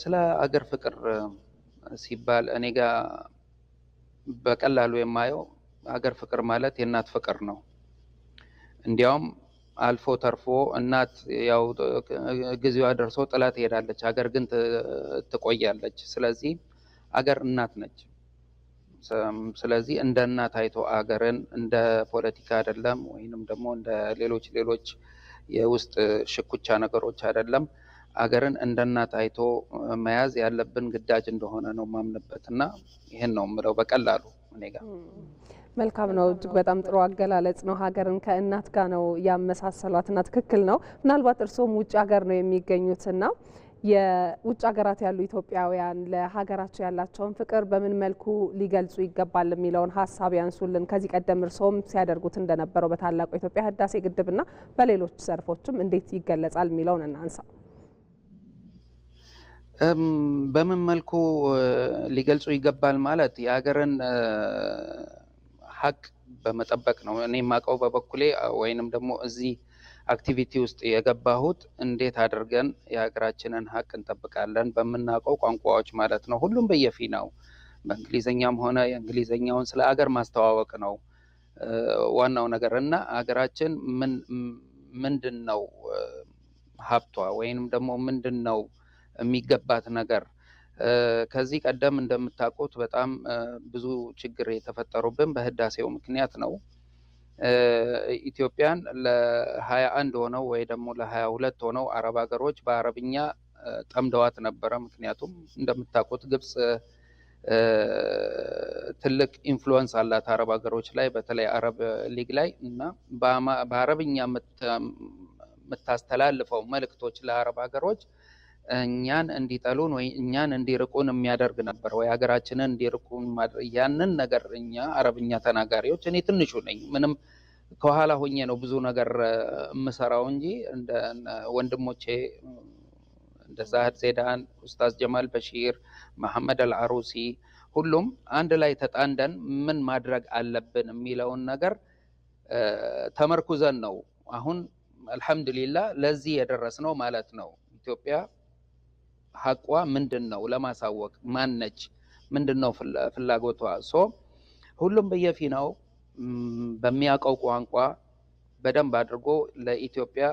ስለ አገር ፍቅር ሲባል እኔ ጋር በቀላሉ የማየው አገር ፍቅር ማለት የእናት ፍቅር ነው። እንዲያውም አልፎ ተርፎ እናት ያው ጊዜዋ ደርሶ ጥላ ትሄዳለች፣ አገር ግን ትቆያለች። ስለዚህ አገር እናት ነች። ስለዚህ እንደ እናት አይቶ አገርን እንደ ፖለቲካ አይደለም፣ ወይንም ደግሞ እንደ ሌሎች ሌሎች የውስጥ ሽኩቻ ነገሮች አይደለም አገርን እንደ እናት አይቶ መያዝ ያለብን ግዳጅ እንደሆነ ነው ማምንበት እና ይህን ነው ምለው በቀላሉ እኔ ጋር መልካም ነው። እጅግ በጣም ጥሩ አገላለጽ ነው። ሀገርን ከእናት ጋር ነው ያመሳሰሏትና ትክክል ነው። ምናልባት እርስዎም ውጭ ሀገር ነው የሚገኙት እና የውጭ ሀገራት ያሉ ኢትዮጵያውያን ለሀገራቸው ያላቸውን ፍቅር በምን መልኩ ሊገልጹ ይገባል የሚለውን ሀሳብ ያንሱልን። ከዚህ ቀደም እርስዎም ሲያደርጉት እንደነበረው በታላቁ የኢትዮጵያ ህዳሴ ግድብና በሌሎች ዘርፎችም እንዴት ይገለጻል የሚለውን እናንሳ። በምን መልኩ ሊገልጹ ይገባል? ማለት የሀገርን ሀቅ በመጠበቅ ነው። እኔ የማውቀው በበኩሌ ወይንም ደግሞ እዚህ አክቲቪቲ ውስጥ የገባሁት እንዴት አድርገን የሀገራችንን ሀቅ እንጠብቃለን በምናውቀው ቋንቋዎች ማለት ነው። ሁሉም ነው በእንግሊዝኛም ሆነ የእንግሊዝኛውን ስለ ሀገር ማስተዋወቅ ነው ዋናው ነገር እና ሀገራችን ምንድን ነው ሀብቷ ወይንም ደግሞ ምንድን ነው የሚገባት ነገር ከዚህ ቀደም እንደምታውቁት በጣም ብዙ ችግር የተፈጠሩብን በህዳሴው ምክንያት ነው። ኢትዮጵያን ለሀያ አንድ ሆነው ወይ ደግሞ ለሀያ ሁለት ሆነው አረብ ሀገሮች በአረብኛ ጠምደዋት ነበረ። ምክንያቱም እንደምታውቁት ግብጽ ትልቅ ኢንፍሉወንስ አላት አረብ ሀገሮች ላይ በተለይ አረብ ሊግ ላይ እና በአረብኛ የምታስተላልፈው መልእክቶች ለአረብ ሀገሮች እኛን እንዲጠሉን ወይ እኛን እንዲርቁን የሚያደርግ ነበር ወይ ሀገራችንን እንዲርቁን ያንን ነገር እኛ አረብኛ ተናጋሪዎች እኔ ትንሹ ነኝ ምንም ከኋላ ሆኜ ነው ብዙ ነገር የምሰራው እንጂ እንደ ወንድሞቼ እንደ ዛህድ ዜዳን፣ ኡስታዝ ጀማል በሺር፣ መሐመድ አልአሩሲ ሁሉም አንድ ላይ ተጣንደን ምን ማድረግ አለብን የሚለውን ነገር ተመርኩዘን ነው አሁን አልሐምዱሊላ ለዚህ የደረስነው ማለት ነው ኢትዮጵያ ሀቋ ምንድን ነው ለማሳወቅ ማነች ምንድን ነው ፍላጎቷ ሶ ሁሉም በየፊናው በሚያውቀው ቋንቋ በደንብ አድርጎ ለኢትዮጵያ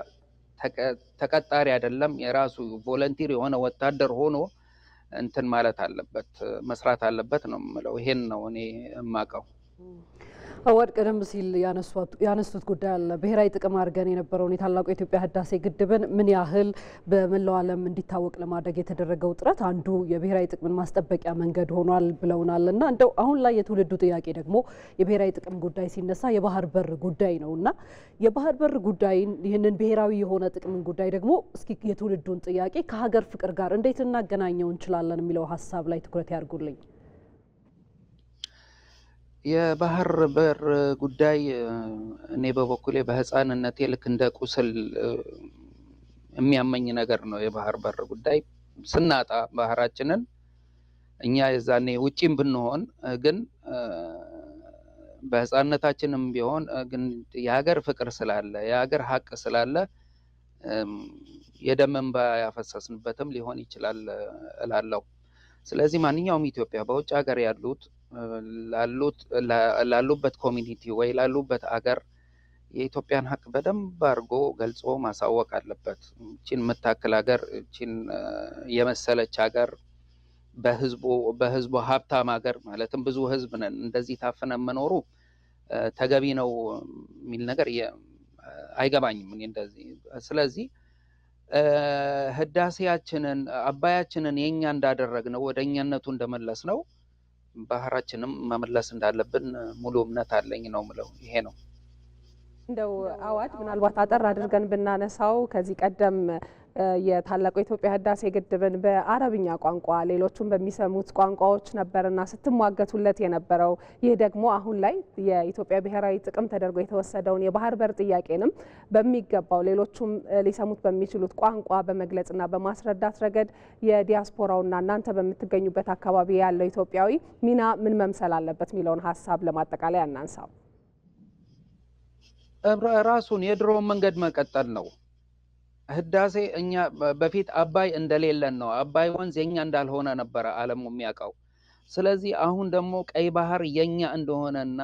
ተቀጣሪ አይደለም የራሱ ቮለንቲር የሆነ ወታደር ሆኖ እንትን ማለት አለበት መስራት አለበት ነው የምለው። ይሄን ነው እኔ የማውቀው። አዋድ ቀደም ሲል ያነሱት ጉዳይ አለ። ብሔራዊ ጥቅም አድርገን የነበረውን የታላቁ የኢትዮጵያ ህዳሴ ግድብን ምን ያህል በመላው ዓለም እንዲታወቅ ለማድረግ የተደረገው ጥረት አንዱ የብሔራዊ ጥቅምን ማስጠበቂያ መንገድ ሆኗል ብለውናል እና እንደው አሁን ላይ የትውልዱ ጥያቄ ደግሞ የብሔራዊ ጥቅም ጉዳይ ሲነሳ የባህር በር ጉዳይ ነው እና የባህር በር ጉዳይን ይህንን ብሔራዊ የሆነ ጥቅምን ጉዳይ ደግሞ እስኪ የትውልዱን ጥያቄ ከሀገር ፍቅር ጋር እንዴት ልናገናኘው እንችላለን የሚለው ሀሳብ ላይ ትኩረት ያድርጉልኝ። የባህር በር ጉዳይ እኔ በበኩሌ በህፃንነቴ ልክ እንደ ቁስል የሚያመኝ ነገር ነው። የባህር በር ጉዳይ ስናጣ ባህራችንን እኛ የዛኔ ውጪም ብንሆን ግን በህፃንነታችንም ቢሆን ግን የሀገር ፍቅር ስላለ የሀገር ሀቅ ስላለ የደም እንባ ያፈሰስንበትም ሊሆን ይችላል እላለሁ። ስለዚህ ማንኛውም ኢትዮጵያ በውጭ ሀገር ያሉት ላሉበት ኮሚኒቲ ወይ ላሉበት አገር የኢትዮጵያን ሀቅ በደንብ አድርጎ ገልጾ ማሳወቅ አለበት። እቺን የምታክል ሀገር፣ እቺን የመሰለች ሀገር፣ በህዝቡ በህዝቡ ሀብታም ሀገር ማለትም ብዙ ህዝብ ነን፣ እንደዚህ ታፍነን መኖሩ ተገቢ ነው የሚል ነገር አይገባኝም እኔ እንደዚህ። ስለዚህ ህዳሴያችንን አባያችንን የእኛ እንዳደረግ ነው ወደ እኛነቱ እንደመለስ ነው ባህራችንም መመለስ እንዳለብን ሙሉ እምነት አለኝ ነው ምለው። ይሄ ነው እንደው አዋጅ ምናልባት አጠር አድርገን ብናነሳው ከዚህ ቀደም የታላቁ የኢትዮጵያ ህዳሴ ግድብን በአረብኛ ቋንቋ ሌሎቹም በሚሰሙት ቋንቋዎች ነበርና ስትሟገቱለት የነበረው ይህ ደግሞ አሁን ላይ የኢትዮጵያ ብሔራዊ ጥቅም ተደርጎ የተወሰደውን የባህር በር ጥያቄንም በሚገባው ሌሎቹም ሊሰሙት በሚችሉት ቋንቋ በመግለጽና በማስረዳት ረገድ የዲያስፖራውና እናንተ በምትገኙበት አካባቢ ያለው ኢትዮጵያዊ ሚና ምን መምሰል አለበት የሚለውን ሀሳብ ለማጠቃለያ አናንሳው። ራሱን የድሮውን መንገድ መቀጠል ነው። ህዳሴ እኛ በፊት አባይ እንደሌለን ነው። አባይ ወንዝ የኛ እንዳልሆነ ነበረ ዓለሙ የሚያውቀው። ስለዚህ አሁን ደግሞ ቀይ ባህር የኛ እንደሆነና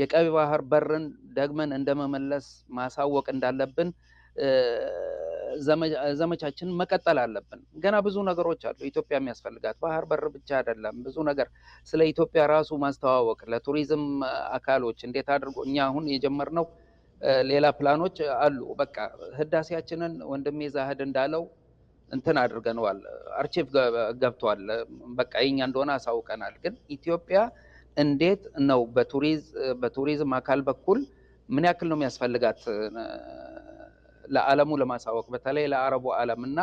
የቀይ ባህር በርን ደግመን እንደመመለስ ማሳወቅ እንዳለብን ዘመቻችንን መቀጠል አለብን። ገና ብዙ ነገሮች አሉ ኢትዮጵያ የሚያስፈልጋት ባህር በር ብቻ አይደለም። ብዙ ነገር ስለ ኢትዮጵያ ራሱ ማስተዋወቅ ለቱሪዝም አካሎች እንዴት አድርጎ እኛ አሁን የጀመርነው ሌላ ፕላኖች አሉ። በቃ ህዳሴያችንን ወንድሜ ዛህድ እንዳለው እንትን አድርገነዋል፣ አርቺቭ ገብቷል። በቃ የኛ እንደሆነ አሳውቀናል። ግን ኢትዮጵያ እንዴት ነው በቱሪዝም አካል በኩል ምን ያክል ነው የሚያስፈልጋት ለዓለሙ ለማሳወቅ በተለይ ለአረቡ ዓለም እና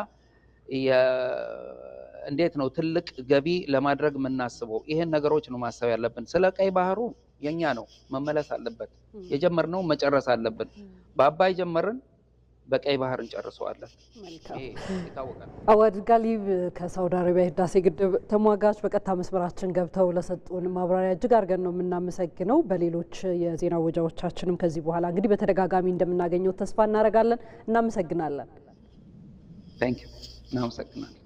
እንዴት ነው ትልቅ ገቢ ለማድረግ የምናስበው? ይህን ነገሮች ነው ማሰብ ያለብን። ስለ ቀይ ባህሩ የኛ ነው፣ መመለስ አለበት። የጀመርነው መጨረስ አለብን። በአባይ ጀመርን፣ በቀይ ባህር እንጨርሰዋለን። አወድ ጋሊብ ከሳውዲ አረቢያ ህዳሴ ግድብ ተሟጋች በቀጥታ መስመራችን ገብተው ለሰጡን ማብራሪያ እጅግ አድርገን ነው የምናመሰግነው። በሌሎች የዜና ወጃዎቻችንም ከዚህ በኋላ እንግዲህ በተደጋጋሚ እንደምናገኘው ተስፋ እናደርጋለን። እናመሰግናለን። እናመሰግናለን።